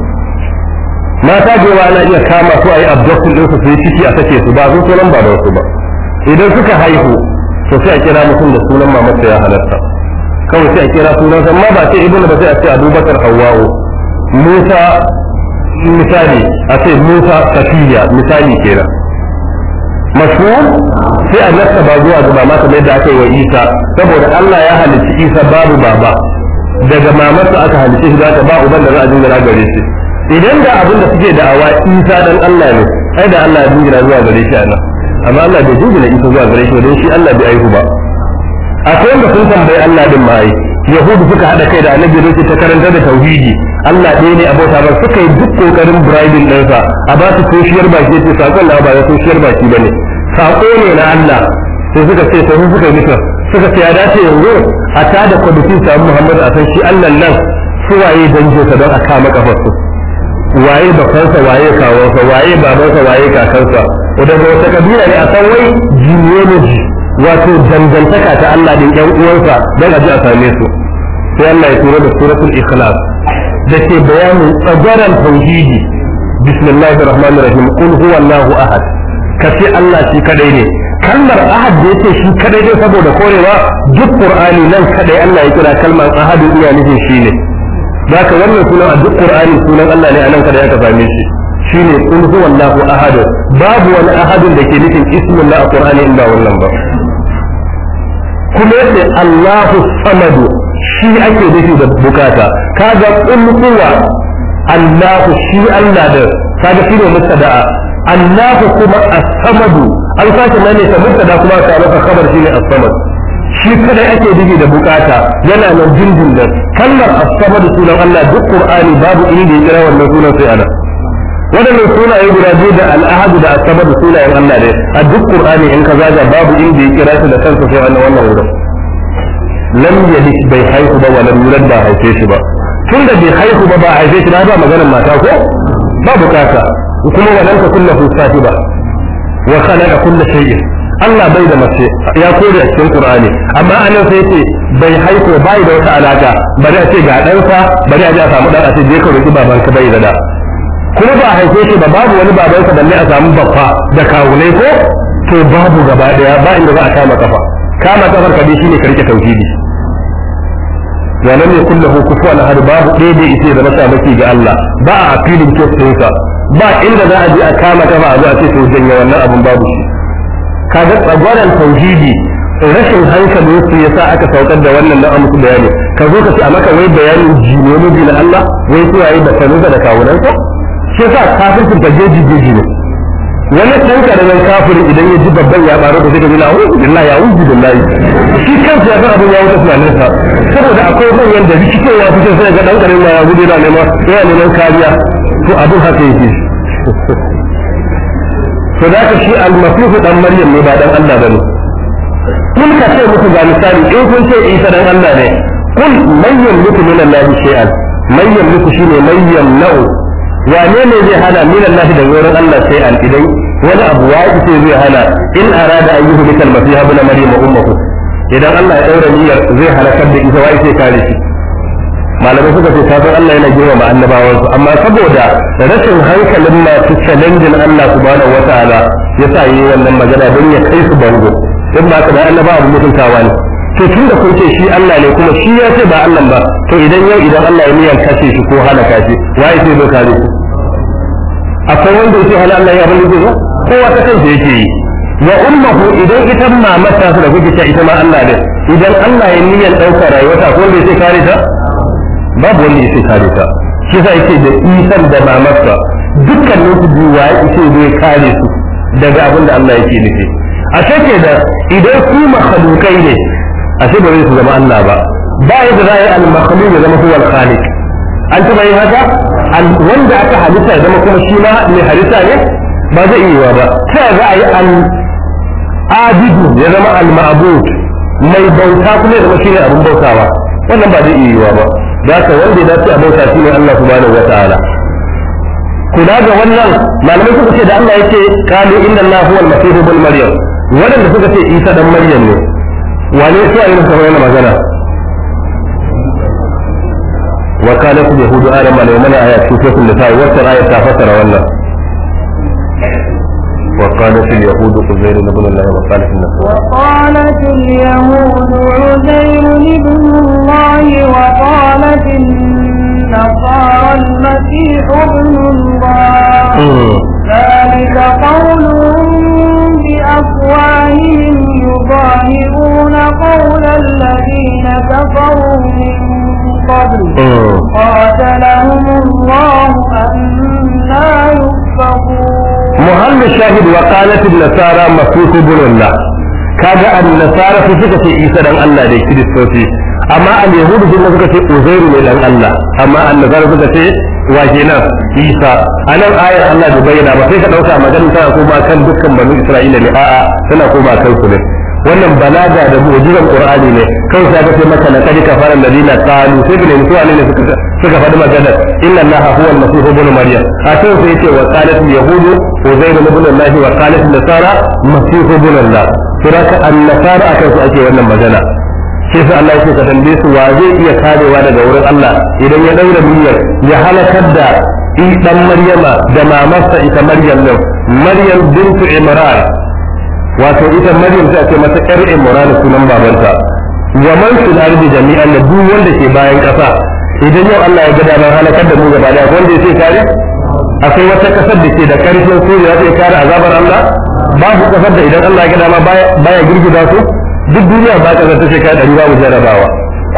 mata da yawa ana iya kama su a yi abdokin ɗinsu su yi ciki a sake su ba zo sunan babansu ba idan suka haihu to sai a kira mutum da sunan mamarsa ya halarta, kawai sai a kira sunan sa amma ba sai ibnu ba sai a ce abubakar hawwa'u musa misali a ce musa safiya misali kenan mashhur sai a nasta ba zuwa ga mama kamar yadda aka yi wa isa saboda Allah ya halicci isa babu baba daga mamarsa aka halicce shi zaka ba uban da za a jingina gare shi idan da abin da suke da'awa isa dan Allah ne ai da Allah ya jingina zuwa gare shi anan amma Allah bai dubi na isa zuwa gare shi don shi Allah bai aihu ba akwai wanda sun tambayi Allah din mai yahudu suka hada kai da annabi zai ta karanta da tauhidi Allah ɗaya ne abota ba suka yi duk kokarin bribing sa a ba su toshiyar baki ce sakon Allah ba ya toshiyar baki ba ne sako ne na Allah sai suka ce sai suka yi suka ce ya dace yanzu a ta da kwamitin samu Muhammad a san shi Allah nan su waye danjinsa don a kama kafarsu waye bakansa waye kawansa waye babansa waye kakansa daga wata kabila ne a san wai genealogy wato dangantaka ta Allah din yan uwansa dan a a same su sai Allah ya tura da suratul ikhlas da ke bayanin tsagaran tauhidi bismillahir rahim qul huwallahu ahad kace Allah shi kadai ne kalmar ahad da yake shi kadai dai saboda korewa duk qur'ani nan kadai Allah ya kira kalmar ahad iya nufin shi ne zaka wannan sunan a duk qur'ani sunan Allah ne a nan kadai aka same shi shine kul huwallahu ahad babu wani ahadin da ke nufin ismin a qur'ani in ba wannan ba kuma yace Allahu samad shi ake nufi da bukata kaga kul huwa Allahu shi Allah da kaga shine mustada'a Allahu kuma as-samad an sake nan ne ta mubtada kuma ka masa khabar shine as-samad shi kada ake dige da bukata yana nan jinjin da kallar as-samad sunan Allah duk Qur'ani babu inda ya kira wannan sunan sai ana waɗannan sunaye guda biyu da al'ahadu da asabar da sunayen Allah ne a duk Qur'ani in ka zaga babu inda ya kira shi da kansa sai wannan wannan wurin lam yalid bai haihu ba wa lam yulad ba haife shi ba tun da bai haihu ba ba haife shi ba ba maganar mata ko ba bukata kuma wa lam takun lahu sahiba wa khalaqa kull shay'in Allah bai da mace ya kore a cikin Qur'ani amma anan sai yace bai haihu bai da wata alaka bari a ce ga ɗansa bari a ji a samu ɗan a ce je ka roki babanka bai da da ko ba haife shi ba babu wani babansa balle a samu babba da kawunai ko to babu gaba daya ba inda za a kama kafa kama kafar kabi shine ka rike tauhidi wa lam yakul lahu kufuwan ahad babu ɗaya da ise da masa maki ga Allah ba a filin kesinsa ba inda za a je a kama kafa a zo a ce to janye wannan abun babu shi kaga tsagwaran tauhidi rashin hankalin su sa aka saukar da wannan na amsu bayani ka zo ka ce a maka wai bayanin jinoni na Allah wai suwaye da kanuka da kawunansa shi yasa kafircin ta jeji jeji ne wani ɗan karamin kafirin idan ya ji babban ya ɓaro da zai gani na wuzu billahi ya wuzu billahi shi kansa ya san abin ya wuce sa saboda akwai manyan da rikicin ya fi sai ga ɗan karamin ma ya gudu na neman yana neman kariya to abin haka yake to da ka shi almasihu dan maryam ne ba dan Allah bane kun ka ce muku ga misali in kun ce isa dan Allah ne kun mayyan muku min Allah shay'an mayyan muku shine mayyan nau wa ne zai hana min Allah da wurin Allah sai an idan wani abu ya ce zai hana in arada an yi hulikan masiha bin maryam ummuhu idan Allah ya daura niyyar zai halakar da ita wai sai kare shi malamai suka ce kafin Allah yana girmama su amma saboda rashin hankalin masu challenging Allah subhanahu ya yasa yi wannan magana don ya kai su bango in ba ka da annabawa mutuntawa ne to tun da kun ce shi Allah ne kuma shi ya ce ba Allah ba to idan yau idan Allah ya miyar kashe shi ko halaka shi waye sai zo kare shi akwai wanda yake hala Allah ya bari da ko kowa ta kansa yake yi wa ummuhu idan ita ma ta su da kuke ta ita ma Allah ne idan Allah ya miyar dauka rayuwa ta ko wanda yake kare ta babu wanda yake kare ta shi sai yake da isan da mamarsa dukkan su biyu waye ce zai kare su daga abin da Allah yake nufi a shake da idan ku halukai ne ashe ba zai su zama Allah ba ba yadda da a yi al-makhluq ya zama huwa al-khaliq an taba yin haka wanda aka halitta ya zama kuma shi ma mai halitta ne ba zai iya ba ta za a yi al-abidu ya zama al-ma'bud mai bauta kuma ya zama shi ne abin bautawa wannan ba zai iya ba da haka wanda ya dace a bauta shi ne Allah subhanahu wa ta'ala kula ga wannan malamai suka ce da Allah yake kalu inna Allah huwa al-masih ibn maryam wadanda suka ce Isa dan Maryam ne wane su a yi masa wani magana wa su yahudu adam a mana aya cikin sosun da ta wannan وقالت اليهود عزير بن الله وقالت النصارى وقالت اليهود عزير بن الله وقالت النصارى المسيح ابن الله ذلك قولهم بأفواههم يظاهرون قول الذين كفروا من قبل قاتلهم الله أنا يؤفكون محل الشاهد وقالت النصارى الله kaga annasara suka ce isa dan Allah da kiristoci amma al-yahudu sun suka ce uzairu ne dan Allah amma annasara suka ce wa kenan isa anan ayar Allah da bayyana ba sai ka dauka maganin tana koma kan dukkan banu isra'ila ne a'a tana koma kan ne wannan balaga da mu'jizar qur'ani ne kai sa ka ce maka la kadi kafara alladina qalu sai ne su ne suka suka faɗi magana inna allaha huwa al-masih ibn maryam a can sai yace wa qalat yahud uzair ibn allah wa qalat nasara masih ibn allah suraka an-nasara akan su ake wannan magana sai sai Allah yake ka tambaye su wa zai iya karewa daga wurin Allah idan ya daura niyyar ya halakar da dan Maryama da mamarsa ita Maryam din Maryam bintu Imran wato ita maryam sai ce mata yar imran sunan babanta wa man fil ardi jami'an da duk wanda ke bayan kasa idan yau Allah ya gada nan halakar da mu gaba da wanda yake kare akwai wata kasar da ke da karfin soja ya ce kare azabar Allah babu kasar da idan Allah ya gada ma baya girgiza su duk duniya ba kasar ta shekara ba babu jarabawa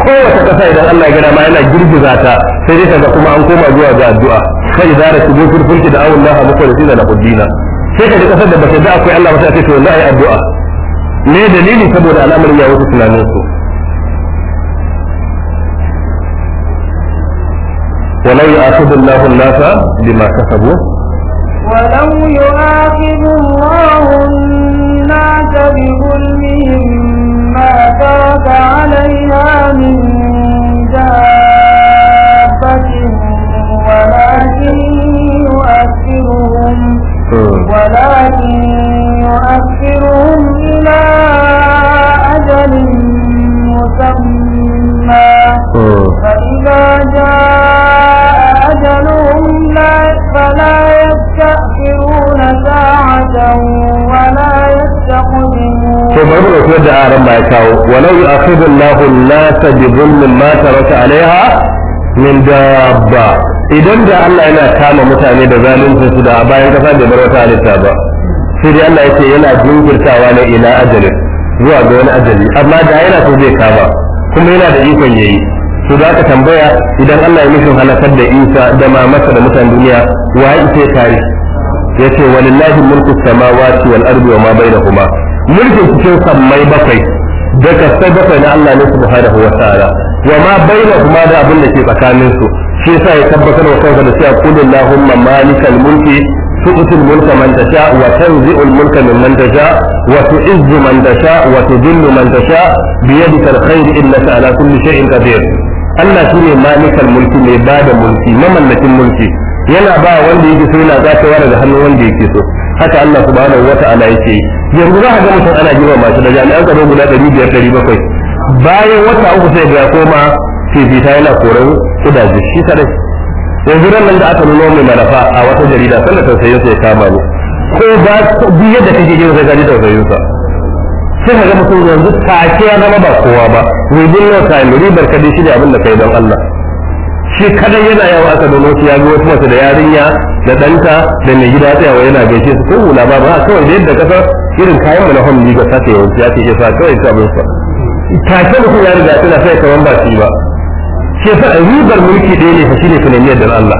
kowace kasa idan Allah ya gada ma yana girgiza ta sai dai kaga kuma an koma zuwa ga addu'a fa idza rakibu fil furfurki da awallahu mukhlisina na dinana sai ka ji kasar da baka da akwai Allah ba sai to wallahi addu'a me dalili saboda al'amarin ya wuce tunanin su ولو يؤاخذ الله الناس بما كسبوا ولو يؤاخذ الله الناس بظلمهم ما ترك عليها من دابة ولكن يؤخرهم ولكن يؤخرهم إلى أجل مسمى فإذا جاء أجلهم لا فلا يستأخرون ساعة ولا يستقدمون فبرر في الدعاء ربما يكاو ولو يؤخذ الله الناس بظلم ما ترك عليها من دابة idan da Allah yana kama mutane da zalunci su da bayan kasa bai bar wata halitta ba sai dai Allah yake yana jinkirtawa ne ila ajalin zuwa ga wani ajali amma da yana so zai kama kuma yana da ikon yayi to za ka tambaya idan Allah ya mishin halakar da Isa da mamarsa da mutan duniya wa ya kare yace walillahi mulku samawati wal ardi wa ma bainahuma mulkin cikin sammai bakwai da kasai bakwai na Allah ne subhanahu wa ta'ala wa ma bainahuma da abin da ke tsakanin su shi yasa ya tabbatar wa kansa da cewa qul allahumma malikal mulki تؤتي الملك من تشاء وتنزع الملك ممن تشاء وتعز من تشاء وتذل من تشاء بيدك الخير انك على كل شيء قدير Allah shi ne malikal mulki mai bada da mulki mamallakin mulki yana ba wanda yake so yana wa daga hannun wanda yake so haka Allah subhanahu wa ta'ala yake yanzu za ka ga mutum ana jima masu da jami'an tsaro guda 500 bayan wata uku sai ga koma fifita yana koran kudaje shi kadai yanzu nan da aka nuno mai marafa a wata jarida sannan tausayin sai ya kama ni ko ba duk yadda kake jin sai gani tausayin sa sai ka ga mutum yanzu take ya zama ba kowa ba ribin no time ribar ka shi shine abin da kai don Allah shi kadai yana yawa aka nuno shi ya ga wasu mace da yarinya da danta da mai gida wa yana gaishe su ko hula ba ba kawai da yadda kasa irin kayan mu na hannu ga ta yawanci ya ce ya sa kawai ta bai sa take mutum ya riga tana sai ka wanda shi ba shi yasa ribar mulki ɗaya ne shi ne ka nemi yardar Allah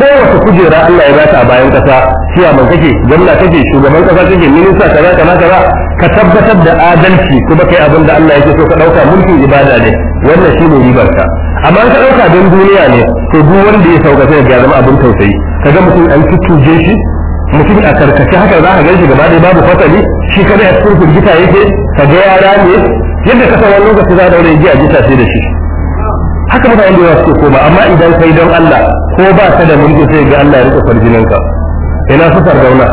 kowace kujera Allah ya bata a bayan kasa ciyaman kake gwamna kake shugaban kasa kake minista kaza kaza kaza ka tabbatar da adalci kuma kai abin da Allah yake so ka dauka mulkin ibada ne wannan shine ribar ka amma ka dauka don duniya ne to duk wanda ya sauka sai ya zama abin tausayi kaga mutum an tutuje shi mutum a karkace haka za ka ganshi gaba ɗaya babu fasali shi kada a cikin gita yake ka ga yara ne yadda ka san wani lokaci za a daure ji a gita sai da shi haka mutane da yawa suke koma amma idan kai don Allah ko ba ka da mulki sai ga Allah ya rike ka ina su dauna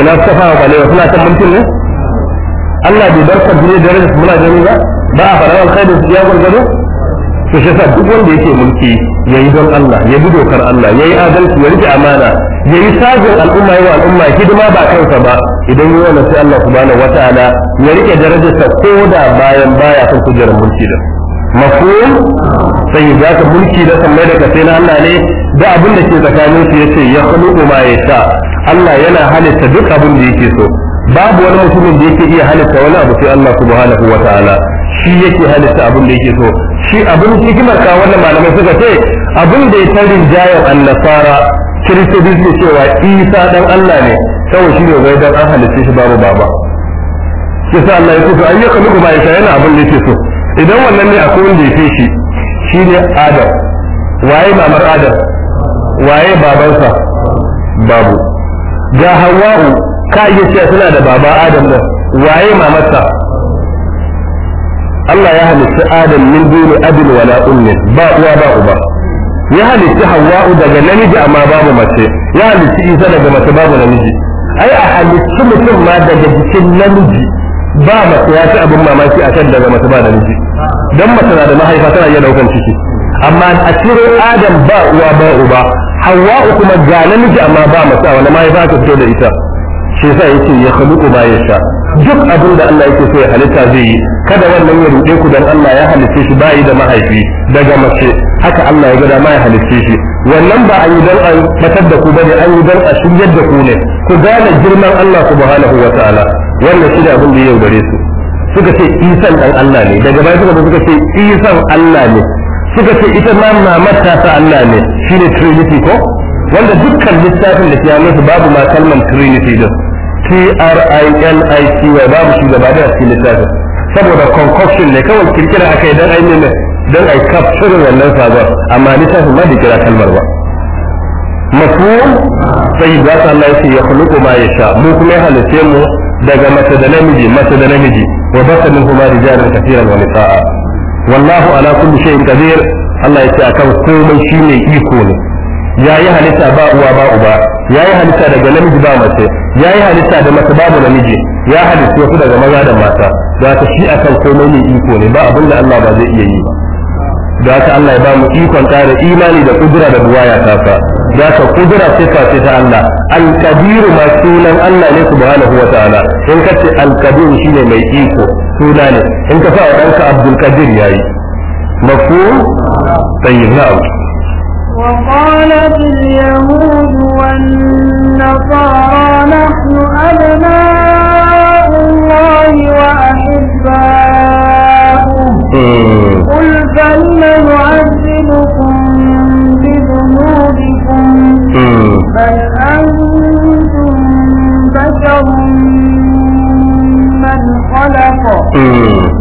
ina su kafa balewa suna kan mulkin ne Allah bai bar farjini da rage muna gani ba ba a fara alkhairu su ya gurgado to shi yasa duk wanda yake mulki yayi don Allah ya bi dokar Allah yayi adalci ya rike amana yayi sajin al'umma yawa al'umma hidima ba kansa ba idan yi wannan sai Allah subhanahu wataala ya rike darajarsa ko da bayan baya kan kujerar mulki da mafhum sai ga ka mulki da sammai da kasai na Allah ne da abin da ke tsakanin su yace ya khluqu ma yasha Allah yana halitta duk abin da yake so babu wani mutumin da yake iya halitta wani abu sai Allah subhanahu wa ta'ala shi yake halitta abin da yake so shi abin yake marka wannan malamai suka ce abin da ya tarin jayan annasara kiristoci suke cewa isa dan Allah ne saboda shi ne wai dan an halitta shi babu baba sai Allah ya kusa an yi ba ya yana abin da yake so idan wannan ne a kowin da ya fi shi shi ne adam waye mamar adam waye babansa babu ga hawa'u ka iya cewa suna da baba adam nan waye mamarsa Allah ya halitta adam min duni abin wala ummi ba uwa ba uba ya halitta hawa'u daga namiji amma babu mace ya halitta isa daga mace babu namiji ai a halittu mutum ma daga jikin namiji ba mace ya ci abin mamaki a kan daga mace ba da miji dan mace da mahaifa tana iya daukan ciki amma a cikin adam ba uwa ba uba hawa kuma ga namiji amma ba mace a wani mahaifa ta fito da ita shi yasa yake ya uba ya yasha duk abin da Allah yake so ya halitta zai yi kada wannan ya rude ku dan Allah ya halitta shi bai da mahaifi daga mace haka Allah ya ga dama ya halitta shi wannan ba ayi yi dan an batar da ku bane ne anyi dan a shiryar da ku ne ku gane girman Allah subhanahu wataala wannan shi da abin da ya yaudare su suka ce isan dan Allah ne daga baya suka suka ce isan Allah ne suka ce ita ma mamar ta sa Allah ne shine trinity ko wanda dukkan littafin da ya musu babu ma kalmar trinity din t r i n i t y babu shi gaba da cikin littafin saboda concoction ne kawai kirkira akai dan ai ne dan ai capture wannan sabon amma littafin ma bai kira kalmar ba mafhum sai da Allah ya ce ya khuluqu ma yasha mu kuma ya halice mu daga mace da namiji mace da namiji wa basa min kuma rijalan kafiran wa nisaa wallahu ala kulli shay'in qadir Allah ya ce akan komai shine iko ne yayi halitta ba uwa ba uba yayi halitta daga namiji ba mace yayi halitta da mace babu namiji ya halitta wasu daga maza da mata da ta shi akan komai ne iko ne ba abinda Allah ba zai iya yi ba da haka Allah ya ba mu ikon tare imani da kudura da duwaya ta da ka kudura sifa ta Allah al-kabir ma sunan Allah ne subhanahu wa ta'ala in ka ce al shine mai iko suna ne in ka sa wa danka Abdul Kadir yayi mafhum tayyib na'am وقالت اليهود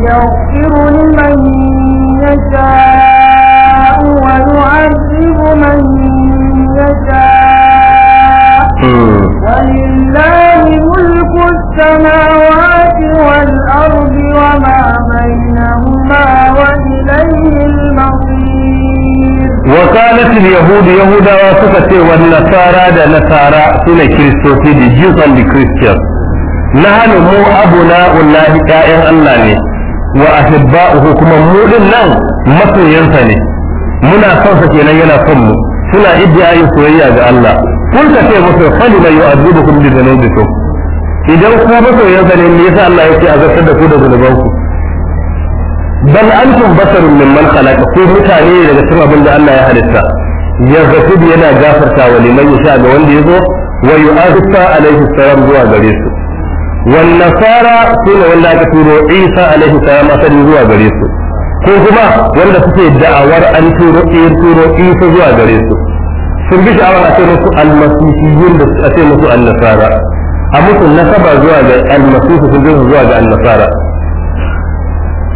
يغفر لمن يشاء ويعذب من يشاء ولله ملك السماوات والأرض وما بينهما وإليه المصير وقالت اليهود يهودا وسكت والنصارى دا نصارى سنة كريستوسي دي جيوز لكريستيان nahnu mu abna'ullahi ƴaƴan Allah ne wa ahibba'uhu kuma mu din nan masoyansa ne muna son sa kenan yana son mu suna iddiyayin soyayya ga Allah kun ta ce musu fali mai yu'azibukum bi dhunubikum idan ku masoyansa ne me yasa Allah yake azabtar da ku da zunubanku bal antum basarun man khalaqa ku mutane ne daga cikin abin da Allah ya halitta yaghfiru yana gafarta wa liman yasha ga wanda yazo wa yu'azza alaihi salam zuwa gare su wal nasara sune wanda aka turo Isa alaihi salam asali zuwa gare su ko kuma wanda suke da'awar an turo turo Isa zuwa gare su sun bi sha'awar a ce musu almasihiyun da a ce musu annasara a musu nasaba zuwa ga almasihu sun bi zuwa ga annasara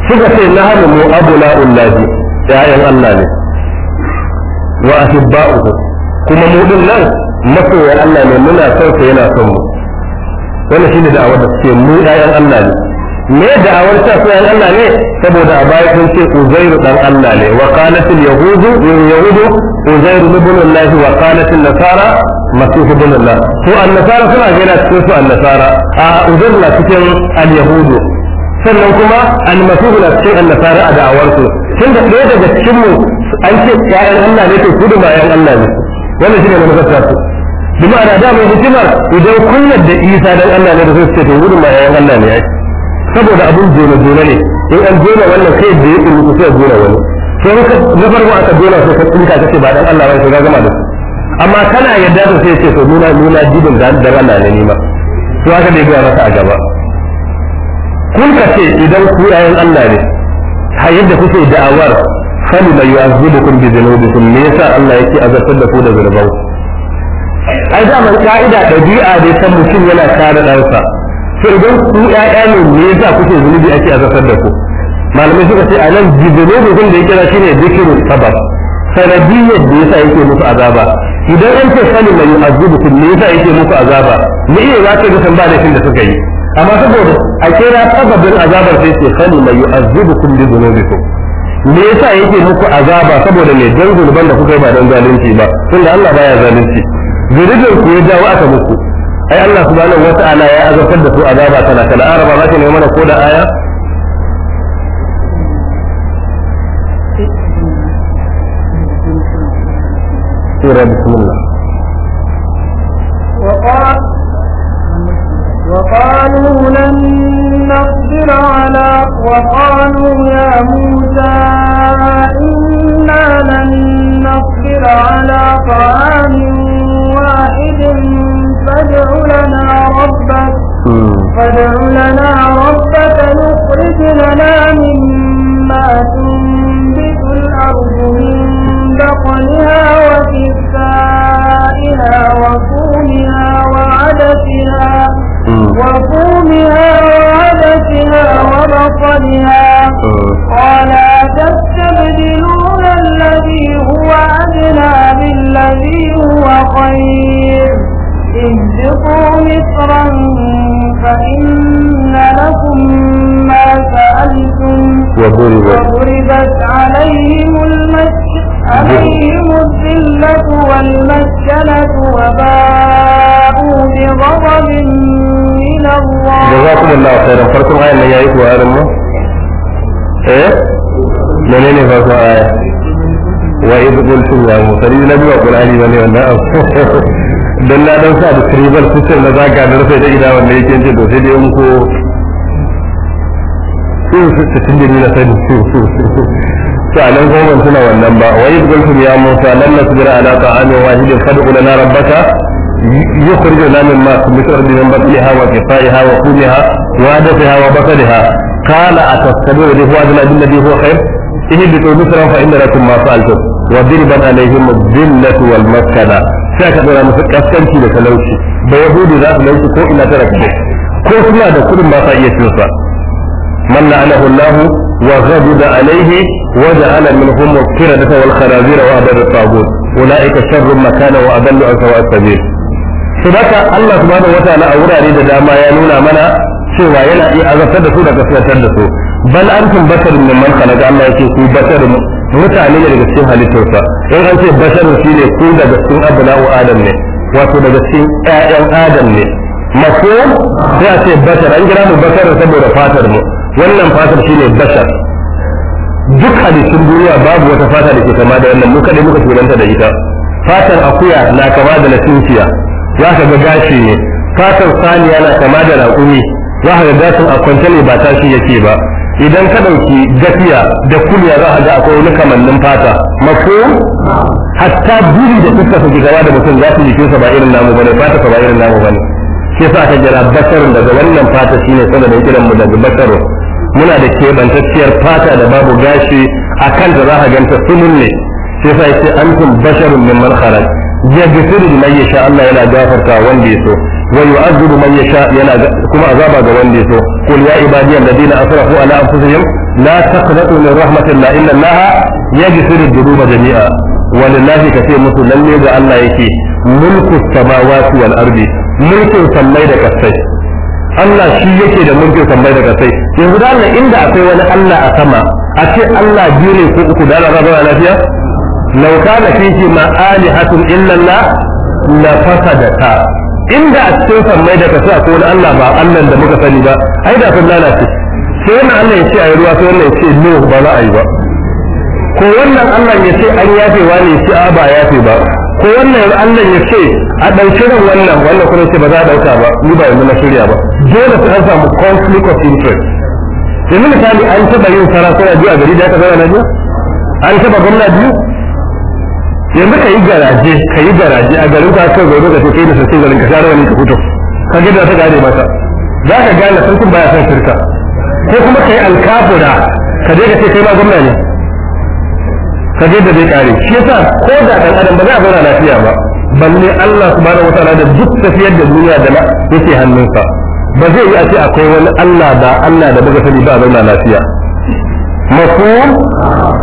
suka ce nahanu mu abu ya ya'yan Allah ne wa ahibba'uhu kuma mu din nan masoyan Allah ne muna son sa yana son mu wannan shine da'awar da suke mu ƴaƴan Allah ne me da'awar ta su ƴaƴan Allah ne saboda a baya sun ce Uzairu dan Allah ne wa qalat al yahudu yahudu Uzairu ibn Allah wa qalat nasara masih ibn Allah to an nasara suna ga yana cikin su an nasara a Uzairu na cikin al yahudu sannan kuma al masih na cikin an nasara a da'awar su da ɗaya daga cikin mu an ce ƴaƴan Allah ne to kudu ma ƴaƴan Allah ne wannan shine manufar ta kuma ana da mai hikimar idan kunyar da isa dan Allah ne da su ce to wurin ma yayin Allah ne yake saboda abun jona jona ne in an jona wannan kai da yake muku sai jona wani sai ka na farko aka jona sai ka tsinka kace ba dan Allah bane sai ka gama da amma kana yadda da sai ce to nuna nuna dibin da dan Allah ne ni ma to haka dai ga masa a gaba kun ka ce idan ku yayin Allah ne ha yadda kuke da'awar fali mai yu'azibukum bi dhunubikum me yasa Allah yake azabtar da ku da zurbanku ai mun ka'ida ɗabi'a da san mutum yana kare ɗansa to idan ku ƴaƴa ne me yasa kuke zunubi ake azabtar da ku malamai suka ce a nan zunubin da ya kira shine zikirin sabab sanadiyyar da yasa yake musu azaba idan an ce sani mai kun me yasa yake musu azaba me iya za ka ga tambaya laifin da suka yi amma saboda a kira sababin azabar sai ce sani mai azubukum bi zunubikum me yasa yake muku azaba saboda me dan zunuban da kuka yi ba dan zalunci ba tunda Allah baya zalunci zunubin ku ya jawo aka muku ai Allah subhanahu wata'ala ya azabtar da su azaba tana kana araba za ka nemi mana ko da aya سورة بسم الله وقال وقالوا لن نصبر على وقالوا يا موسى إنا لن نصبر على طعام ربك فادع لنا ربك نخرج لنا مما تنبت الأرض من بقلها وكفائها وقومها وعدسها وقومها وعدسها وبصلها قال تستبدلون الذي هو أدنى بالذي هو خير اهبطوا مصرا فإن لكم ما سألتم وضربت عليهم عليهم الذلة والمسكنة وباءوا بغضب من الله جزاكم الله خيرا فرقم آية اللي جايت الله إيه؟ منين فرقم آية وإذ قلتم يا موسى لي نبي وقل علي من يوم don na dan sa da tribal system na zaga na rufe da gida wanda yake ce to sai dai in ko sun su tun da ni na sani to a nan goma suna wannan ba wa yadda kuntum ya musa lan nasbira ala ta'amin wahidin fad'u lana rabbaka يخرج لنا مما تنبت الأرض من بطنها وكفائها وقومها وعدسها وبصلها قال أتستمعون لهذا الذي هو خير اهبطوا مصرا فإن لكم ما سألتم وضربت عليهم الذلة والمسكنة sai aka dora musu kaskanci da talauci da yahudi za su lauci ko ina tara kaje ko suna da kudin ba sa iya cin sa man la'anahu Allah wa ghadiba alayhi wa ja'ala minhum al-qiradata wal khanazir wa adad at-tagut ulaika sharrun makana wa adallu an sawa'a sabil sadaka Allah subhanahu wa ta'ala a wurare da dama ya nuna mana cewa yana iya azabtar da su da kaskantar da su bal antum basharun mimman khalaqa Allah yake ku basharun mutane ne daga cikin halittarsa in an ce basharu shi ne ko daga cikin abu adam ne wato daga cikin ƴaƴan adam ne mafhum sai a ce bashar an gina mu bashar saboda fatar mu wannan fatar shine bashar duk halittun duniya babu wata fata da ke kama da wannan mu kadai muka shugabanta da ita fatar akuya na kama da na tunkiya za ka ga gashi ne fatar saniya na kama da raƙumi za ka ga gashin a kwance ne ba tashi yake ba idan ka ɗauki gafiya da kuliya za a ga akwai wani kamannin fata mako hatta buri da fuska su gaba da mutum za su jikinsa ba irin namu bane fata ba irin namu bane shi sa ka jira basarun daga wannan fata shine sanadin kiran mu daga basarun muna da keɓantacciyar fata da babu gashi a kan da za a ganta sumun ne ke sa an antum basharun mimman kharaj yaghfiru ya sha Allah yana gafarta wanda ya so wa yu'adhibu man sha yana kuma azaba ga wanda yaso qul ya ibadiy alladhina asrafu ala anfusihim la taqnatu min rahmatillah inna allaha yaghfiru dhunuba jami'a walillahi kace musu lalle ga Allah yake mulku samawati wal mulkin da Allah shi yake da mulkin sammai da kasai yanzu da Allah inda akwai wani Allah a sama a ce Allah biyu ne ko uku da Allah zama lafiya lauka da fihi ma alihatun illa Allah la ta. inda a cikin sammai da kasa ko wani Allah ba Allah da muka sani ba ai da sun lalace sai wannan Allah ya ce yi ruwa sai wannan ya ce no ba za a yi ba ko wannan Allah ya ce an yafe wa ne ce a ba yafe ba ko wannan Allah ya ce a ɗauki ran wannan wannan kuma ce ba za a ɗauka ba ni ba yanzu na shirya ba dole su an samu conflict of interest yanzu misali an taɓa yin sarakuna biyu a gari da aka zama na biyu an taɓa gwamna biyu yanzu ka yi garaje ka yi garaje a garin ka kai gobe ka ce kai da sassin garin ka share wani ka fito ka ga da ta gane mata za ka gane sarkin baya son shirka ko kuma ka yi alkafura ka je ka ce kai ma gwamna ne ka je da zai kare shi yasa ko da dan adam ba za a zauna lafiya ba balle Allah subhanahu wataala da duk tafiyar da duniya da yake hannunsa ba zai yi a ce akwai wani Allah da Allah da buga sani ba zauna lafiya mafhum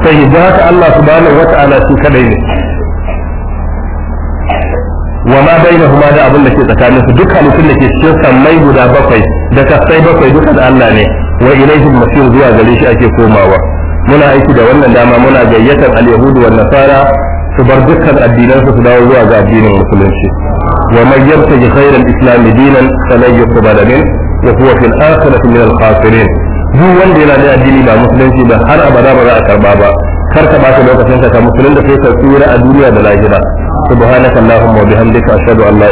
sai da Allah subhanahu wataala shi kadai ne wa ma bainahuma da abin da ke tsakanin su duk halittun da ke cikin sammai guda bakwai da kasai bakwai duka da Allah ne wa ilaihi masir zuwa gare shi ake komawa muna aiki da wannan dama muna gayyatar al-yahudu nasara su bar dukkan addinan su dawo zuwa ga addinin musulunci wa man yabtaji khayran islam dinan falan yuqbal min wa huwa fil akhirati min al-khasirin duk wanda yana da addini ba musulunci ba har abada ba za a karba ba kar ka ba ka lokacin ka musulun da sai tsira a duniya da lahira subhanakallahumma wa bihamdika ashhadu an la